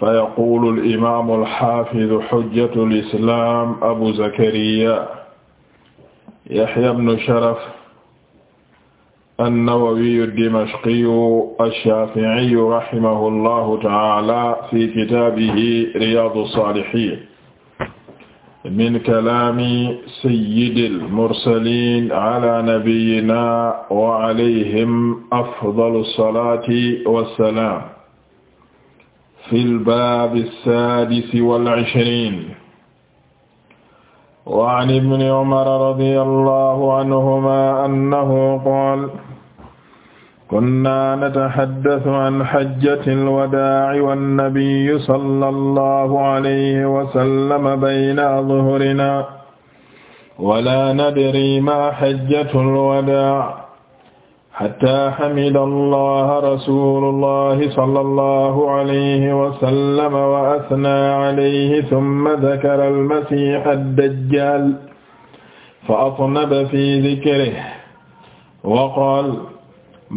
فيقول الإمام الحافظ حجة الإسلام أبو زكريا يحيى بن شرف النووي الدمشقي الشافعي رحمه الله تعالى في كتابه رياض الصالحين من كلام سيد المرسلين على نبينا وعليهم أفضل الصلاة والسلام fi lbab alsadisi walishrin waan ibni umara radi allahu anhuma annahu qaal kunna nataxaddasu an xajjati alwadaaci wannabiyu sala allahu alayhi wasallama bayna adhurina wala nadri ma xajjatu alwadaac xataa xamida allah rasulullahi sallallahu alayhi wa sallam wa asnaa alayhi summa dakara almasiixa addajjaal fa atnaba fi dikrihi wa qaala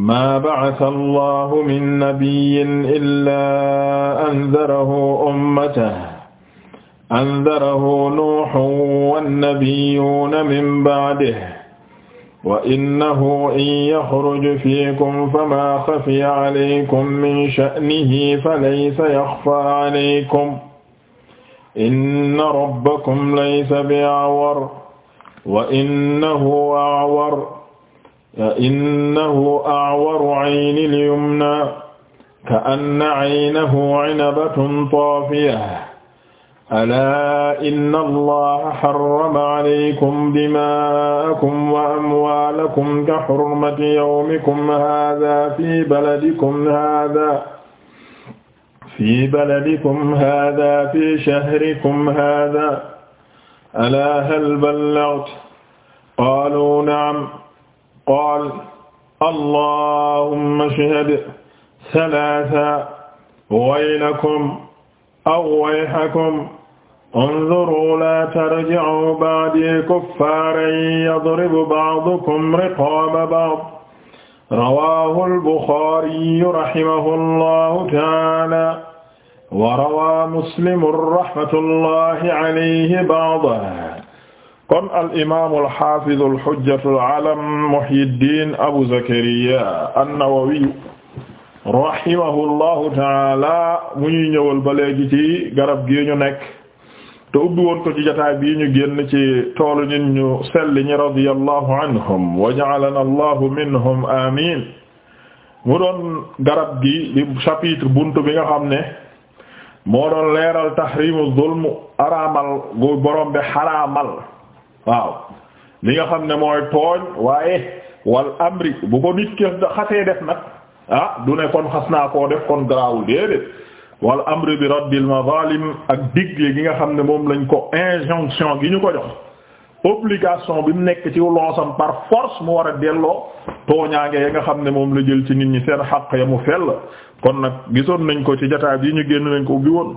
maa bacasa allahu min nabiyyin illaa andarahu ummatahu andarahu nuuhun wannabiyuuna min bacdihi wa innahu in yaxruj fiikum famaa xafiya alaykum min sha'nihi falaysa yaxfaa alaykum inna rabbakum laysa bi'awar wa innahu a'war innahu a'waru 'aynil yumnaa ka'anna 'aynahu 'inabatun taafiyah alaa inna allaha harrama alaykum dimaa'akum wa amwaalakum ka hurmati yawmikum haadaa fii baladikum haadaa fii baladikum haadaa fii shahrikum haadaa alaa hal ballaghtu qaaluu na'am qaala allahumma ishhad salaasa waylakum aw wayhakum unzuruu laa tarji'uu ba'dii kuffaaran yadribu ba'dukum riqaaba ba'd rawaahul buxaari rahimahullahu ta'aalaa wa rawaa muslimun rahmatullahi alayhi ba'dahu kon al imaamul xaafidul xujjatul alam muhyiddin abu zakariya an-nawawi rahimahullahu ta'aalaa mu ñuy ñëwal ba léegi ci garab gi ñu nekk. te ubbi woon ko ci jotaay bii ñu génn ci toolu ñun ñu sell ñi radiyallahu anhum wa ja'alana allahu minhum amin mu doon garab gi di chapitre buntu bi nga xam ne moo doon leeral tahrimu zulm araamal gu borom bi xaraamal waaw li nga xam ne mooy tooñ waaye wal amri bu ko nit ki xasee def nag ah du ne kon xas naa koo def kon garaawul déedéet wal amre bi raddil mazalim ak digle gi nga xam ne moom lañ ko injonction gi ñu ko jox obligation bi mu nekk ci loosam par force mu war a delloo tooñaange yi nga xam ne moom la jël ci nit ñi seen xaq ya mu fell kon nag gisoon nañ ko ci jotaay bi ñu génn nañ ko ubbi woon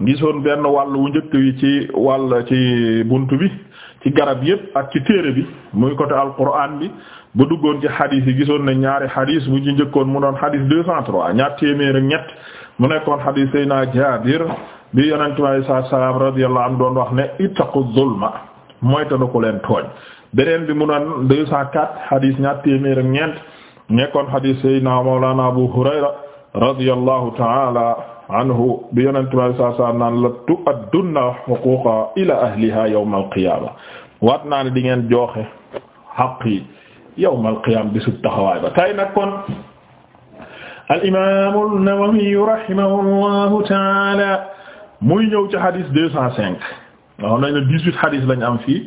gisoon benn wàll wu njëkk wi ci wàll ci bunt bi ci garab yépp ak ci téere bi muy al alquran bi bu duggoon ci xadiis yi gisoon nañ ñaari xadiis bu ci njëkkoon mu doon xadiis deux cent ñaar téeméer ak mu nekkoon xadiis Seydina Jaabir bi yonent bi alayhi salaatu wa salaam radiyallahu anhu doon wax ne ittaqu zulma moytanu ko leen tooñ beneen bi mu doon 204 xadiis ñaar téeméer ak ñeent nekkoon xadiis Seydina Mawlana Abu Hurayra radiyallahu ta'ala anhu bi yonent bi alayhi salaatu wa salaam naan la tu'addunna huquqa ila ahliha yawm al-qiyaama waat naa ne di ngeen joxe xaq yi yawm al-qiyaama bisu taxawaay ba tay al imaamu an-Nawawi rahimahullahu taala muy ñëw ci hadis deux cent cinq waxoon nañ ne dix-huit hadis lañ am fii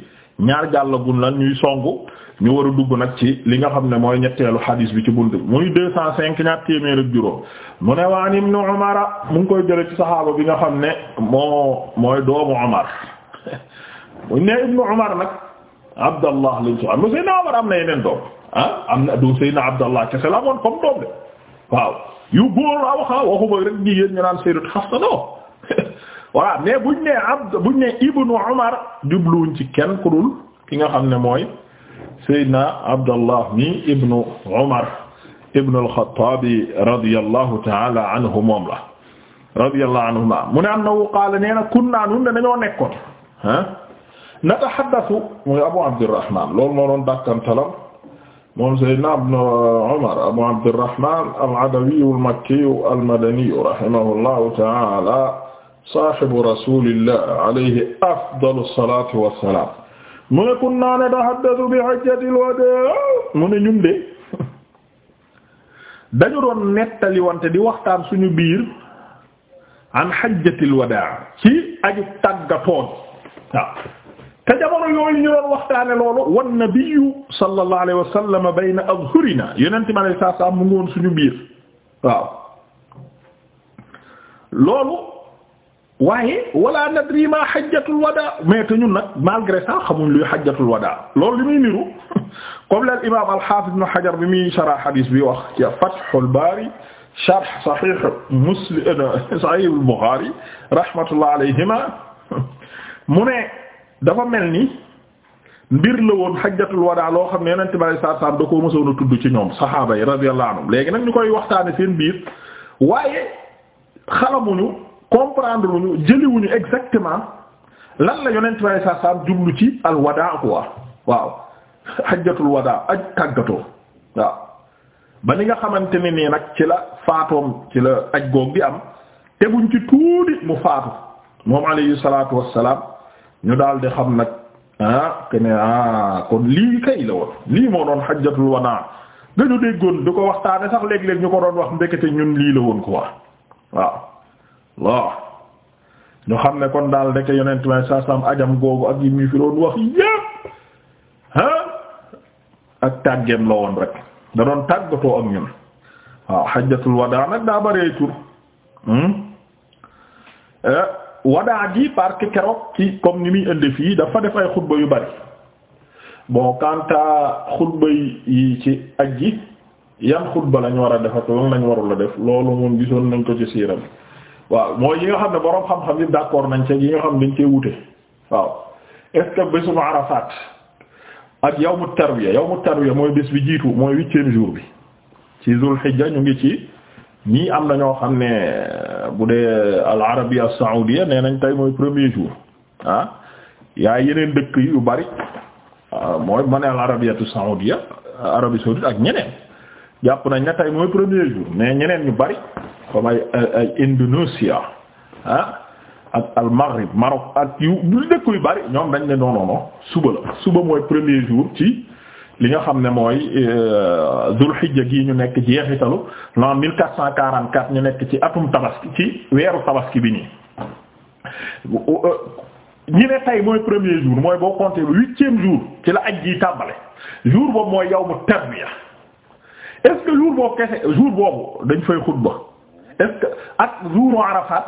ñaar jàllagun lan ñuy songu ñu war a dugg nag ci li nga xam ne mooy ñetteelu hadis bi ci bunt bi muy deux cent cinq ñaar téeméer ak juróom mu ne waan ibnu Umar mu ngi koy jële ci saxaaba bi nga xam ne moo mooy doomu Umar mu ne ibnu Umar nag Abdallah lañ so am mu Seydina Umar am na yeneen doom ah am na du Seydina Abdallah kese la amoon comme doom de waaw yu góor laa wax ah, waxuma rek jigéen ñu naan no voilà mais buñ ne abd buñ ne ibnu Umar jubluwuñ ci kenn ku ki nga xam ne mooy Sayyidina Abdallah mi ibnu Umar ibnu al-Khattab radiyallahu ta'ala anhu moom la radiyallahu anhuma mu ne annahu qaala nee na kunna ne dañoo nekkoon ah, Abu Abdurrahman loolu moo doon dàkkantalam moom Seydina ibn Umar Abu Abdirrahman al-Adawi al-Makki al-Madani rahimahullahu ta'ala saahibu rasulillah alayhi afdalu salaatu wa salaam mu ne kunna natahaddathu bi hajjatil wadaa mu ne ñun de dañu doon nettali wante di waxtaan suñu biir an hajjatil wadaa ci aju tàggatoon waaw te jamono yooyu ñu doon waxtaane loolu wan nabiyyu sallallahu alayhi wa sallam bayna azhurina yonent mi alayhi salaam mu ngi woon suñu biir waaw loolu waaye wala nadri ma hajjatul wadaa mais te ñun nag malgré ça xamuñ luy hajjatul wadaa loolu li muy niru comme al imaam al haafiz ibn hajar bi muy sharh hadith bi wax ci fathul baari sharh sahih muslim sahih al buxaari rahmatullah alayhima mu ne dafa mel ni mbir la woon xajjatul wadaa loo xam ne yonent bi alayhi salaam da koo mësoon a tudd ci ñoom saxaaba yi radiyallahu anhum léegi nag ñu koy waxtaane seen biir waaye xalamuñu comprendre luñu jëliwuñu exactement lan la yonent bi alayhi salaam jublu ci al wadaa quoi waaw xajjatul wadaa ak tàggatoo waaw ba ni nga xamante ne nii nag ci la faatoom ci la aj goog bi am teguñ ci tuuti mu faatu moom alayhi salaatu wassalaam ñu daal di xam nag ah que ah kon lii kay la woon lii moo doon xajjatul wanaa dañu déggoon di ko waxtaane sax léeg-léeg ñu ko doon wax ndekete ñun lii la woon ko wax waaw waaw ñu xam ne kon daal ndeke yonent may saa saam ajam googu ak yi muy fi doon wax yépp ah ak tàggeem la woon rek da doon tàggatoo ak ñun waaw xajjatul wadaa nag daa bëree tur hmm, eh, wadaa gi parce que keroog ci comme ni muy indi fii dafa def ay xutba yu bari bon kanta xutba yi ci aj ji yan xutba lañu war a def ak lan lañ a def loolu moom gisoon nañ ko ci siira waaw mooy yi nga xam ne boroom xam-xam yi d'accord nañ ci yi nga xam ne dañ cee wute waaw est-ce que bésum Arafat ak yawmu tarwiya yawmu tarwiya mooy bés bi jiitu mooy huitième jour bi ci Zul Hijja ñu ngi ci ñii am na ñoo xam ne bu dee al arabia saoudia nee nañ tey mooy premier jour ah yaay yeneen dëkk yu bari ah, mooy ma ne al arabiatu saoudia Arabie saoudite ak ñeneen jàpp nañ ne tey mooy premier jour mais ñeneen ñu bari comme ay ay Indonésie ah ak al Maghrib Maroc ak yu dëkk yu bari ñoom dañ ne non suba la suba mooy premier jour ci li nga xam ne mooy zulhijja euh, gi ñu nekk jeexitalu quarante 1444 ñu nekk ci atum tabaski ci weeru tabaski bi nii ñi ne tey mooy premier jour mooy boo compter le huitième jour ci la aj ji tàmbale jour boobu mooy yawmu tarwiya est que jour boobu kese jour boobu dañ fay xutba est-ce ak jouru Arafat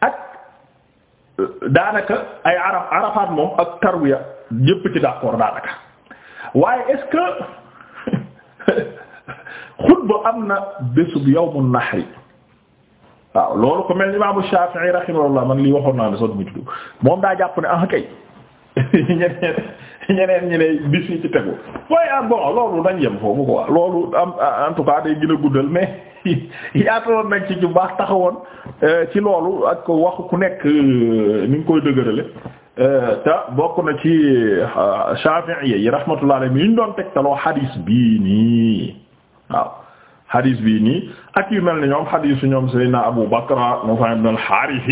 ak euh, daanaka ay araf moom ak tarwiya yëpp ci d'accord daanaka waaye est-ce xutba am na bésub yawmu nahri waaw loolu ko mel ni imaamu Shafi'i rahimahullah man lii waxoon naa ne sax du mu tudd moom daa jàpp ne ah kay ñeneen ñeneen ñi ne bis yi ci tegu waaye ah bon loolu dañ yem foofu quoi loolu am en tout cas day gën a guddal mais yaataloon nañ ci bu taxawoon euh, ci loolu ak waxu ku nekk euh, ni nga koy dëgërale Euh, te bokk na ci euh, Shafi'i yi rahmatullah alayhi yu ñu doon tegtaloo hadis bii nii waaw hadis bii nii ak yu mel ni ñoom hadisu ñoom Seydina Abu Bakra Nufay ibn al-Harith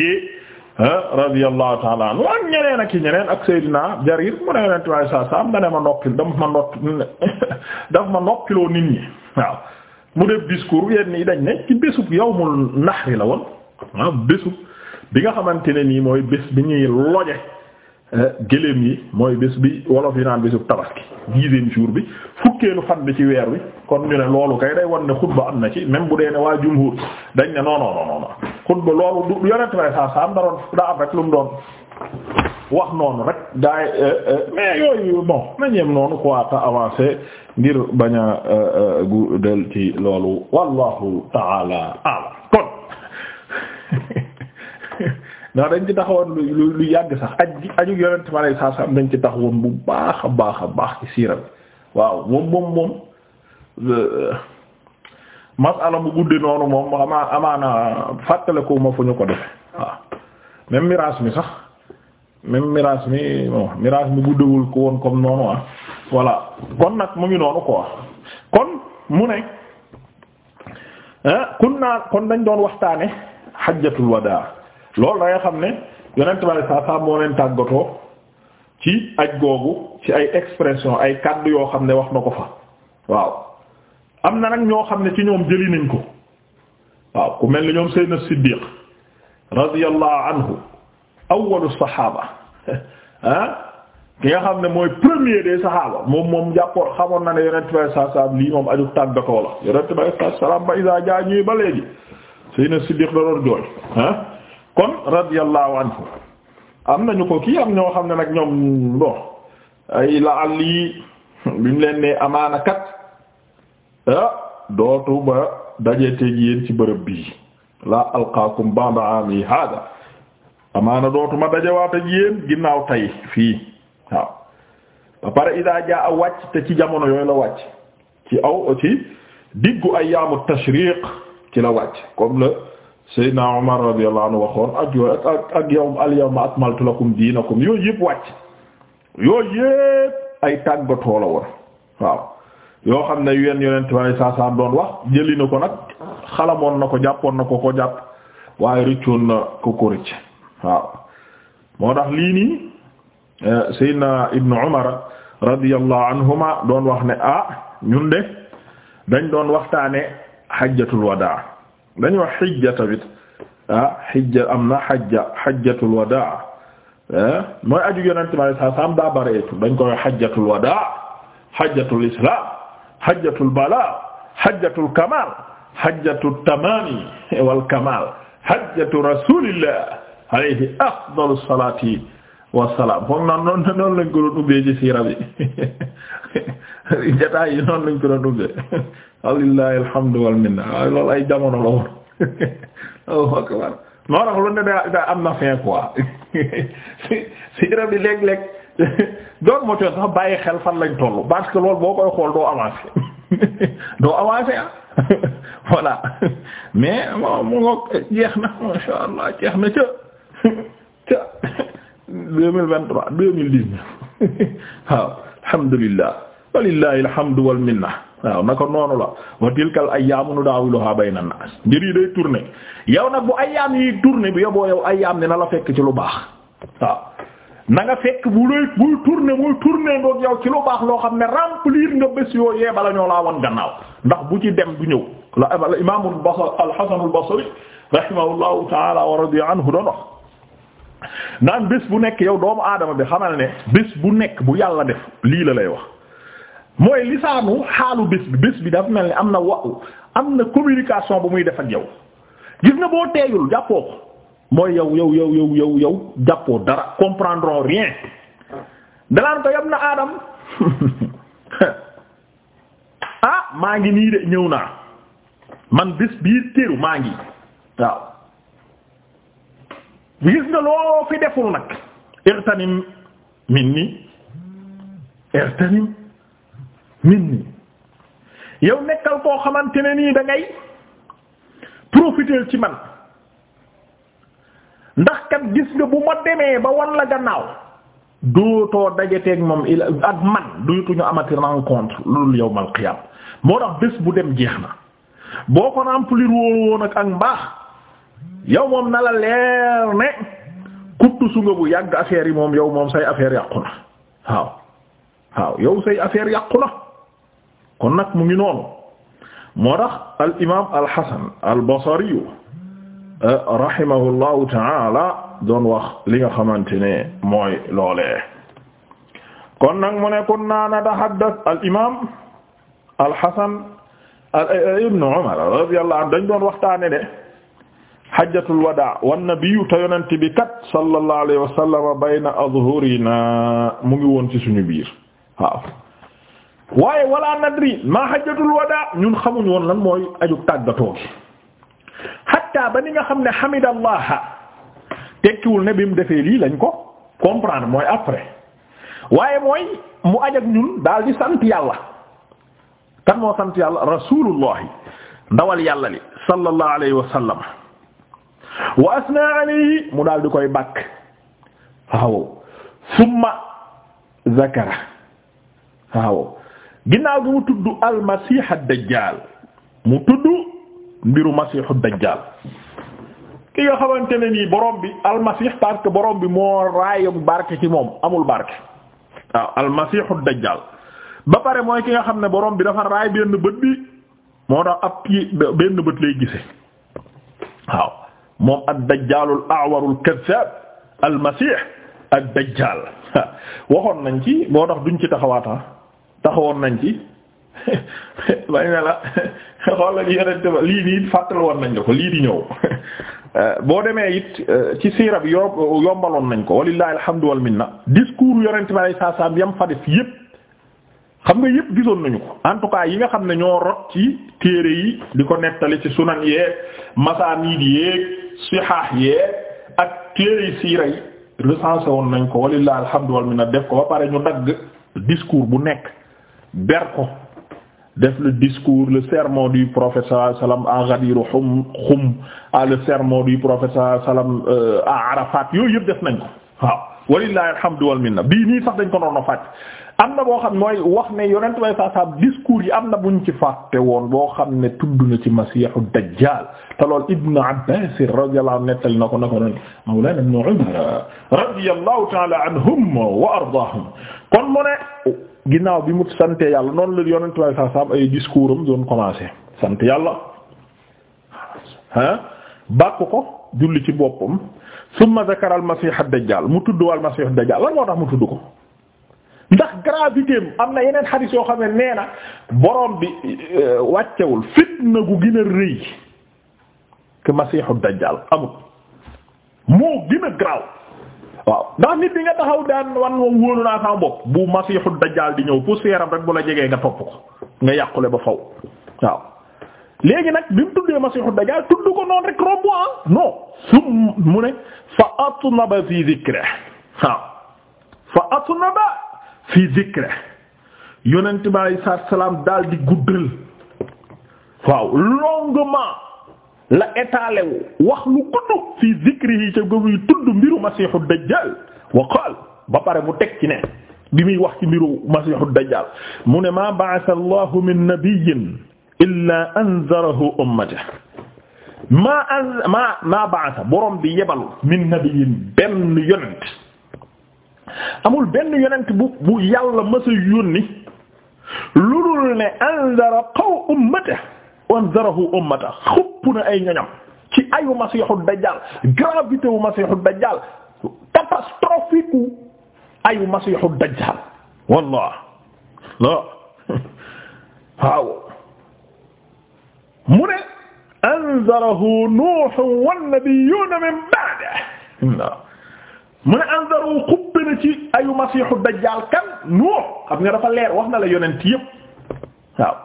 euh, radiyallahu ta'ala anhu ñeneen ak ñeneen Jarir mu ne Yonent bi ma nokkil daf ma nokkiloo nit ñi mu def discours yenn yi dañ ne ci bésub yawmul nahri la woon waaw bésub bi nga xamante ne nii mooy bés bi ñuy loje Euh, gëléem yi mooy bés bi wolof yi naan bésu tabaski dixième jour bi fukkeelu fan bi ci weer wi kon ñu ne loolu kay day wan ne xutba am na ci même bu dee ne waa jumhur dañ ne non non non non xutba loolu du yonent bay saa saa am daroon daa am rek lu mu doon wax noonu rek daay euh, euh, mais yooyu bon nañeem noonu quoi ta avancé ngir bañ a guddal ci loolu wallahu taala a'lam naa dañ ci taxawoon lu lu yàgg sax aj aju yonent ma lay saa saa dañ ci taxawoon bu baax a baax a baax ci siira waaw moom moom moom euh, masala bu guddi noonu moom ama amaana fàttale ko ma fu ñu ko defe waaw même miraas mi sax même miraas mi bon miraas mi guddewul ko woon comme noonu ah voilà kon nag mu ngi noonu quoi kon mu ne ah, kun naa kon dañ doon waxtaane xajjatul wadaa loolu da nga xam ne yonent bale saa saa moo leen tàggatoo ci aj googu ci ay expression ay kàddu yoo xam ne wax na ko fa waaw am na nag ñoo xam ne ci ñoom jëli nañ ko waaw ku mel ni ñoom Seydina Siddiq radiyallahu anhu awwalu saxaaba ah ki nga xam ne mooy premier des saxaaba moom moom jàppoon xamoon na ne yonent bale saa saa lii moom aju tàggatoo la yonent bale saa saa ba isaa jaa ñuy ba léegi Seydina Siddiq da doon jooy ah. kon radiyallahu anhu am nañu ko kii am ñoo xam ne nag ñoom bon ay la àll bi ñu leen ne amaana kat ah dootu ba dajeeteeg yéen ci bërëb bii la alqaakum ba'da aami hada amaana dootuma dajawaate ji yéen ginnaaw tay fii waaw ba pare idaa jaa a wàcc te ci jamono yooyu la wàcc ci aw ci diggu ayyaamu tashriq ci la wàcc comme le Seydina Omar radiyallahu anhu waxoon ak yooyu ak ak yow al yawma diinakum yooyu yëpp wàcc yooyu yëpp ay tàggatoo la woon waaw yoo xam ne yenn yonent ba ne saa doon wax jëli na ko nag xalamoon na ko jàppoon na ko ko jàpp waaye rëccoon na ko ko rëcc waaw moo tax lii nii eh, Seydina Ibnu Umar radiyallahu anhuma doon wax ne ah ñun de dañ doon waxtaane xajjatul wadaa dañu wax xijja tamit ah xijja am na xajja xajjatul wadaa ah, mooy aju yonent bi saa saam daa bareetu dañ koy xajjatul wadaa xajjatul islam xajjatul balaa xajjatul kamal xajjatul tamaami wal kamal xajjatu rasulillah alayhi afdalu salaati wa salaam foog naa noonu noonu lañ ko doon ubbee ci siira bi jotaay yi noonu lañ ko doon ubbee walillahi alhamdu ay jamono la woon Allahu akbar moo tax ne daa am na fin quoi siira bi léeg-léeg moo coon sax bàyyi xel fan lañ tollu parce que loolu boo koy xool doo avancé doo avancé ah voilà mais mo mu ngoog jeex na masha Allah jeex na ca ca deux mille vingt trois deux mille dix neuf waaw alhamdulillah walillahi alhamdu wal minna waaw naka noonu la wa tilkal ayyaamu nudaawiluhaa bayna naas mbir yi day tourner yow nag bu ayyaam yi tourner bu yoboo yow ayyaam dina la fekk ci lu baax waaw na nga fekk bu lay buy tourner muy tourner ndoog yow ci lu baax loo xam ne remplir nga bés yoo yee bala laa wan gannaaw ndax bu ci dem du ñëw la imaam al-Hasan al-Basri rahimahullahu ta'ala wa radiya anhu doon wax naan bés bu nekk yow doomu aadama bi xamal ne bés bu nekk bu yàlla def lii la lay wax mooy lisaanu xaalu bés bi bés bi dafa mel ni am na wa am na communication bu muy def ak yow gis nga boo teeyul jàppoo ko mooy yow yow yow yow yow yow jàppoo dara comprendront rien dalaan ko yam na aadam ah maa ngi nii de ñëw naa man bés bii téru maa ngi waaw gis nga loo fi deful nag irtanim min ni irtanim minni yow nekkal koo xamante ne nii da ngay ci man ndax kat gis nga bu ma demee ba wan la gannaaw dootoo dajateeg moom il ak man duyutuñu amati rencontre loolu yawmal qiyam moo tax bés bu dem jeex na boo ko remplir woon ak ak mbaax yow moom na la leer ne kuttu su nga bu yàgg affaire yi moom yow moom say affaire yàqu na waaw waaw yow say affaire yàqu na kon nag mu ngi noonu moo tax al imaam al Hasan al Basri euh, rahimahullahu taala doon wax li nga xamante ne mooy loolee. kon nag mu ne kunna natahaddas al imaam al Hasan euh, ibn Umar radiyallahu anhu dañ doon waxtaane de hajjatul wadaa wan nabiyyu te yonent bi kat sallallahu alayhi wa sallam bayna azhurina mu ngi woon ci suñu biir waaw. waaye wala nadri maa hajjatul wadaa ñun xamuñ woon lan mooy aju tàggatoo gi hatta ba ni nga xam ne hamidallah tekkiwul ne bi mu defee lii lañ ko comprendre mooy après waaye mooy mu aj ak ñun daal di sant yàlla kan moo sant yàlla rasulullahi ndawal yàlla li sallallahu alayhi wa sallam wa mu daal di koy bàkk waaw summa zakara waaw ginnaaw gi mu tudd almasiixa dajjaal mu tudd mbiru masiixu dajjaal ki nga xamante ne nii borom bi almasiix parce que borom bi moo raayam barke ci moom amul barke waaw almasiixu dajjaal ba pare mooy ki nga xam ne borom bi dafa raay benn bët bi moo tax ab benn bët lay gise waaw moom ad dajjaalul a'warul almasiix ad waxoon nañ ci moo tax duñ ci taxawaata woon nañ ci bañ ne la xool la ñu ba lii woon nañ ko lii di ñëw boo demee it eh, ci siira bi yo yombaloon nañ ko walillahi alhamdu wal minna discours yonente bi alay saa salaam yam fa def yépp xam nga yépp gisoon nañu ko en tout cas yi nga xam ne ñoo rot ci téere yi di ko nettali ci sunan yeeg masaaniid si sihah yeeg ak téere yi siira yi recensé woon nañ ko walillahi alhamdu wal minna def ko ba pare ñu dagg discours bu nekk ber ko def le discours le sermon du prophète sallallahu alayhi wasallam à Ghadir le sermon du prophète sallallahu alayhi wasallam euh, à Arafat yooyu yëpp def nañ ko waaw walillahi alhamdu wal minna bii nii sax dañ ko a fàcc am na boo xam mooy wax ne yonent way saa saa discours yi am na buñ ci fàtte woon boo xam ne tudd na ci masiixu dajjal te lool Ibn Abbas radiyallahu anhu nettali na ko na ko noonu mawlana Ibn Umar radiyallahu ta'ala anhum wa ardaahum kon mu ginnaaw bi mu sante yàlla noonu la yonent bi saa saam ay discours am doon commencé sant yàlla ah bàkk ko julli ci boppam summa zakara al masiih ad dajjal mu tudd wal masiih ad dajjal lan moo tax mu tudd ko ndax gravité am na yeneen xadiis yoo xam ne nee na borom bi euh, wàccewul fitna gu gën a rëy que masiihu dajjal amul moo gën a waaw ndax nit di nga taxaw daan wan moom naa sama bopp bu masiixu dajjaal di ñëw poussière am rek bu la jegee nga topp ko nga yàqule ba faw waaw léegi nag bi mu tuddee masiixu dajjaal tudd ko noonu rek romb ah non sum mu ne fa atnaba fi zikre waaw fa atnaba fi zikre yonent bi alayhi salaam daal di guddal waaw longuement la étalé wu wax lu gudd fi zikrihi ca gëm yu tudd mbiru masiixu dajjal qaal ba pare mu teg ci bi muy wax ci mbiru masiixu dajjal mu ne maa ba'atha allahu min nabiyyin illaa anzarahu ummatahu maa an maa maa ba'atha borom bi yebal min nabiyyin benn yonent amul benn yonent bu bu yàlla masa yónni lu dul ne anzara qaw ummatahu anzarahu ummata xupp na ay ñoñam ci ayu masiixu dajjal gravité wu masiixu dajjal catastrophique wu ayu masiixu dajjal wallah la waaw mu ne anzarahu nuuhu wannabiyyuuna min ba'dihi mu ne anzarahu xupp na ci ayu masiixu dajjal kan nuuh xam nga dafa leer wax na la yonent yépp waaw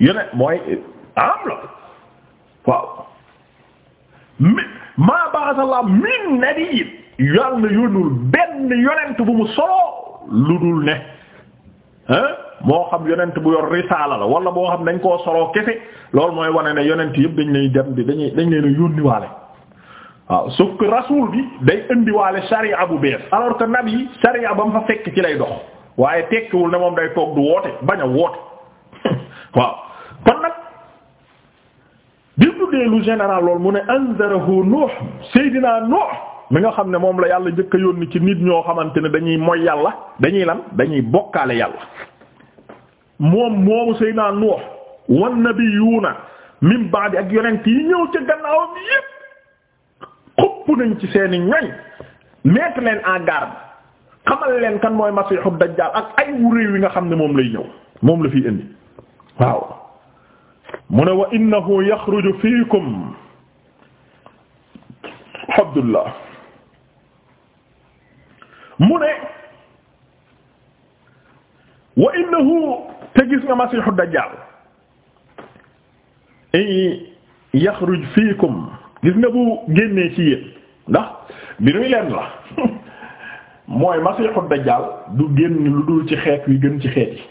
yonent mooy haram la waaw maa ba'athallahu min nabiyyin yàlla na yónnul benn yonent bu mu solo lu dul ne hein moo xam yonent bu yor risaala la wala boo xam dañ koo soloo kese loolu mooy wane ne yonent yëpp dañ lay dem di dañuy dañ leen a yónniwaale waaw sauf que rasul bi day indiwaale sariya bu bees alors que nabi sariya ba mu fa fekk ci lay dox waaye tekkiwul ne moom day toog du woote bañ woote waaw kon nag tuddee lu général lool mu ne anzarahu nuux seydinaa nuux mi nga xam ne moom la yàlla njëkk a yónni ci nit ñoo xamante ne dañuy moy yàlla dañuy lan dañuy bokkaale yàlla moom moomu seydinaa nuux wan nabiyuuna min baadi ak yonent yi ñëw ca gannaawam yépp xupp nañ ci seeni ñoñ mettre leen en garde xamal leen kan mooy masiixu dajjaal ak ay wu réew yi nga xam ne moom lay ñëw moom la fiy indi waaw mu ne wa innahu yaxruju fiikum Abdullah mu ne wa innahu te gis nga masiixu dajjaal i yaxruj fiikum gis nga bu génnee ci yéen ndax bi nuy leen la mooy masiixu dajjaal du génn lu dul ci xeet wi gën ci xeet yi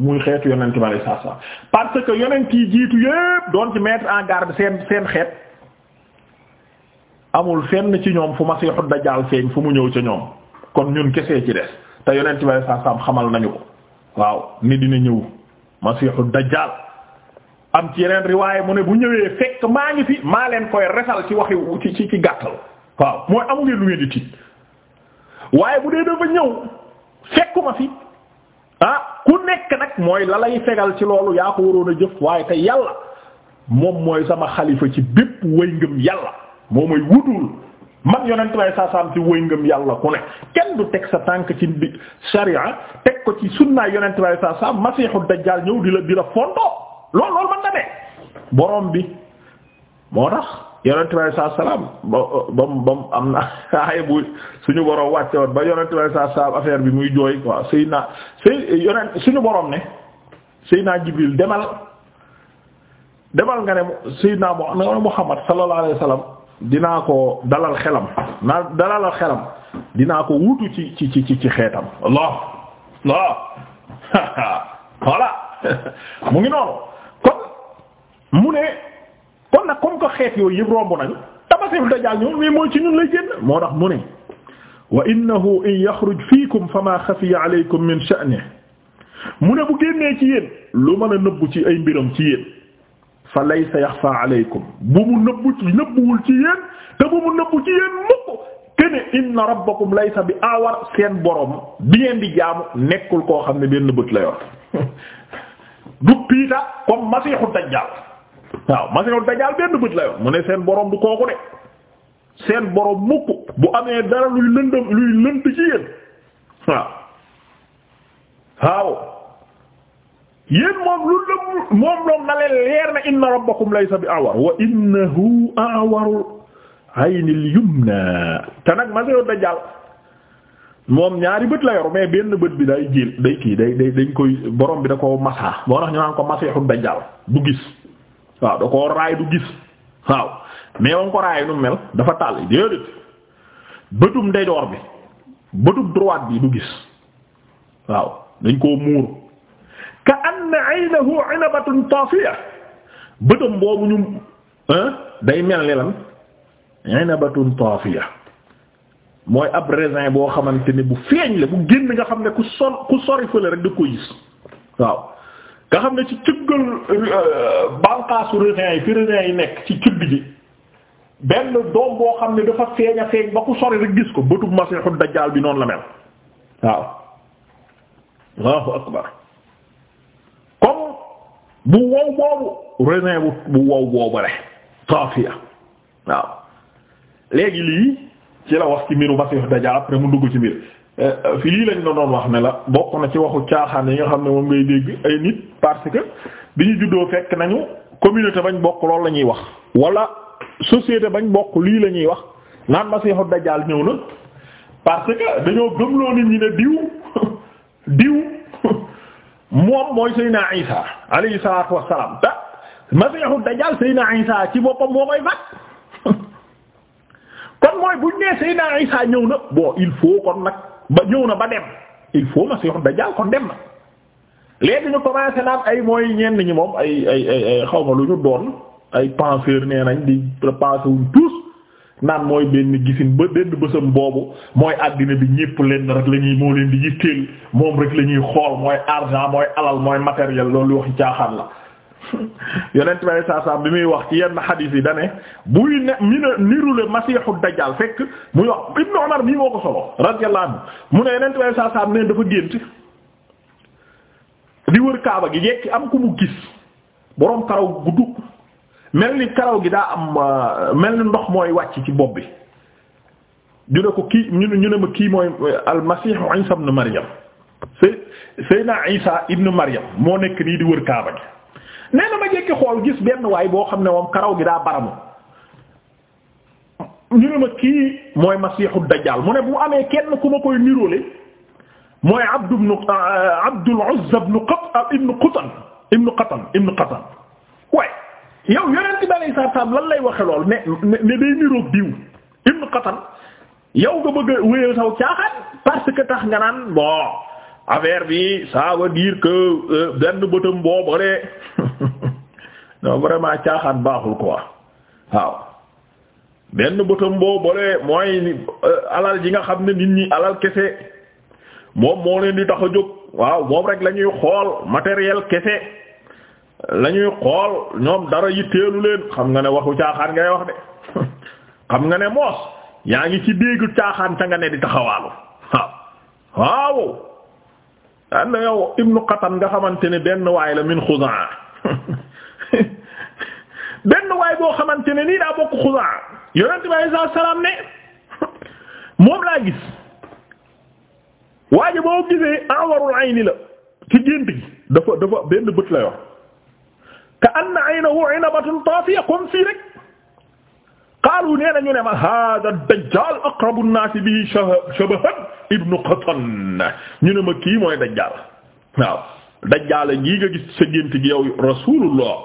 muy xeetu yonent bi alayhi salaam parce que yonent yi jiitu yépp doon ci mettre en garde seen seen xeet amul fenn ci ñoom fu ma Masiixu Dajjaal feeñ fu mu ñëw ca ñoom kon ñun kesee ci des te yonent bi alayhi salaam xamal nañu ko waaw ni dina ñëw ma Masiixu Dajjaal am ci yeneen riwaay mu ne bu ñëwee fekk maa ngi fi maa leen koy resal ci waxi ci ci ci gàttal waaw mooy amu ngeen lu ngeen di tiit waaye bu dee dafa ñëw fekkuma fi ah ku nekk nag mooy la lay fegal ci loolu yaa ko waroon a jëf waaye te yàlla moom mooy sama xalifa ci bépp way ngëm yàlla moo may wutul man yonent bay saasaam ci way yàlla ku ne kenn du teg sa tànk ci bi sharia teg ko ci sunnaa yonent bay saasaam masiixu dajjaal ñëw di la di la fontoo loolu loolu man na ne borom bi moo tax yonent bi salaam ba ba ba am na aaya bu suñu borom wàcce woon ba yonent salaam affaire bi muy jooy quoi sëy naa sëy yonent suñu borom ne sëy naa Jibril demal demal nga ne sëy naa Muhammad sallallahu alayhi wasallam dinaa ko dalal xelam naa dalalal xelam dinaa ko wutu ci ci ci ci xeetam Allah Allah voilà mu ngi noonu kon mu ne. nag comme que xeet yooyu yëpp romb nañu tabasif dajjaal ñëw mais mooy ci ñun lay génn moo tax mu ne wa innahu in yaxruj fiikum fama xafiya aleykum min sha'nihi mu ne bu génnee ci yéen lu ma a nëbb ci ay mbiram ci yéen fa laysa yaxfa aleykum bu mu nëbb ci nëbbuwul ci yéen te bu mu nëbb ci yéen mukk kene inna rabbakum laysa bi awar seen borom bi ngeen di jaamu nekkul koo xam ne benn bët la yor du piita comme masiixu dajjaal waaw masiixu dajjaal benn bët la yoon mu ne seen borom du kooku de seen borom mukk bu amee dara luy lëndëm luy lënt ci yéen waaw waaw yéen moom lu lëm moom loom leen leer na inna rabbakum laysa bi awar wa innahu awaru aynil yumna te nag masiixu dajjaal moom ñaari bët la yor mais benn bët bi day jil day kii day dañ koy borom bi da ko masaa moo tax ñu naan ko masiixu dajjaal du gis waaw da koo raay du gis waaw mais ba ko raay nu mel dafa tàll déedéet bëtum ndeyjoor bi bëtum droite bi du gis waaw dañ koo muur ka anna aynahu inabatun taafiya bëtam boobu ñu day mel ni lan inabatun taafiya mooy ab raisin boo xamante ni bu feeñ la bu génn nga xam ne ku sor sori fële rek da ko gis waaw nga xam ne ci cëggal euh, banqaasu raisin yi fi raisin yi nekk ci cëgg ji benn doom boo xam ne dafa feeñ feeñ ba ku sori rek gis ko bëtub masiixu dajjaal bi noonu la mel waaw allahu akbar comme bu wow boobu raisin bu wow boobu rek taafiya waaw léegi lii ci la wax ci mbiru masiixu dajjaal après mu dugg ci mbir Euh, fi lii lañ la doon wax ne la bokk na ci waxu caaxaan yi nga xam ne moom ngay dégg ay nit parce que bi ñu juddoo fekk nañu communauté bañ bokk loolu la ñuy wax wala société bañ bokk lii la ñuy wax naan masiixu dajjaal ñëw na parce que dañoo gëmloo nit ñi ne diw diw moom mooy Seydina Isa alayhi salaatu wassalaam ta masiixu dajjaal Seydina Isa ci boppam moo koy fat kon mooy buñ nee Seydina Isa ñëw na bon il faut kon nag ba ñëw na ba dem il faut masiixu dajjaal kon dem na léegi ñu commencé naan ay mooy ñenn ñi moom ay ay ay xaw ma lu ñu doon ay penseur nee nañ di pensé wuñ naan mooy benn gisin ba benn bësam boobu mooy àddina bi ñépp leen rek la ñuy moo leen di yitteel moom rek la ñuy xool mooy argent mooy alal mooy matériel loolu waxi caaxaan la yonent bi saa saa bi muy wax ci yenn xadiis yi da ne buy ne mi ne nirule masiixu dajjaal fekk muy wax Ibnu Umar mii moo ko solo radiyallahu anhu mu ne yonent bi saa saa ne dafa gént di wër kaaba gi yekki am ko mu gis boroom karaw gudd mel ni karaw gi daa am euh, mel ni ndox mooy wàcc ci bopp bi ñu ne ko kii ñu ne ñu ne ma kii mooy euh, almasiixu Isa ibnu Maryam Seydina Isa ibnu Maryam moo nekk nii di wër kaaba gi nee na ma jekki xool gis benn waay boo xam ne moom karaw gi daa baramu ñu ne ma kii mooy masiixu dajjaal mu ne bu amee kenn ku ma koy niroole mooy abdu ibnu euh, abdul uzza euh, ibnu qatan ibnu qatan ibnu qatan ibnu qatan waaye yow yonent bi alayhi salaam lan lay waxe lool ne ne day niroog diw ibnu bëgg a wéyal tax nga naan bon affaire bi ça veut dire que euh, benn bëtam boobale non vraiment caaxaan baaxul quoi waaw benn bëtam boobale mooy euh, alal ji nga xam ne nit ñi alal kese moom moo leen di tax a jóg waaw moom rek la ñuy xool matériel kese la ñuy xool ñoom dara yitteelu leen xam nga ne waxu caaxaan ngay wax de xam nga ne moos yaa ngi ci dégg caaxaan ca nga ne di taxawaalu waaw am ah, na yow ibnu Qatan nga xamante ne benn waay la min Xuzaa benn waay boo xamante ne nii daa bokk Xuzaa yonent bi alayhi salaatu salaam ne moom laa gis waaye boo gisee awarul ayni la ci gént gi dafa dafa benn bët la yor ka anna aynahu inabatun taafiya comme fii rek. qaalu nee na ñu ne ma hada dajjal aqrabu nnaasi bihi shabahan ibnu qatan ñu ne ma kii mooy dajjal waaw dajjal ngi nga gis sa gént gi yow rasulullah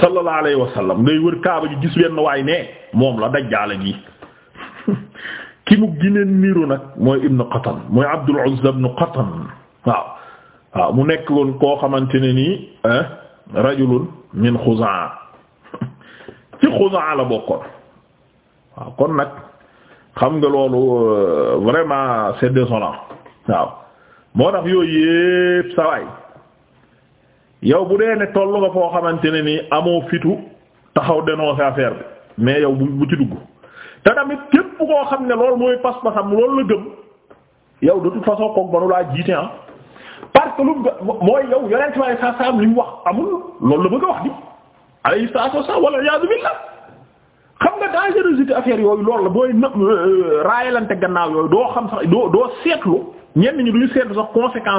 sallallahu alayhi wa sallam ngay wër kaaba gi gis wenn waay ne moom la dajjal gi ki mu gëna niru nag mooy ibnu qatan mooy abdul uzza ibnu qatan waaw waaw mu nekk woon koo xamante ne nii eh, rajulun min xuzaa ci xuzaa la bokkoon waaw kon nag xam nga loolu euh, vraiment c'est désolant waaw moo tax yooyu yépp sawaay yow bu dee ne tollu nga foo xamante ne ni amoo fitu taxaw dénoncer affaire bi mais yow bu bu ci dugg te tamit képp koo xam ne loolu mooy pas-pasam loolu la gëm yow de toute façon kook banu laa jiite ah parce que lu mooy yow yonent bi sallallahu alayhi wasallam li mu wax amul loolu la bëgg a wax di alayhi salaatu wasallam wala iyaazu billah xam nga dangerosité affaire yooyu loolu la booy euh, raayalante gannaaw yooyu doo xam sax doo doo seetlu ñenn ñi duñu seetlu sax conséquence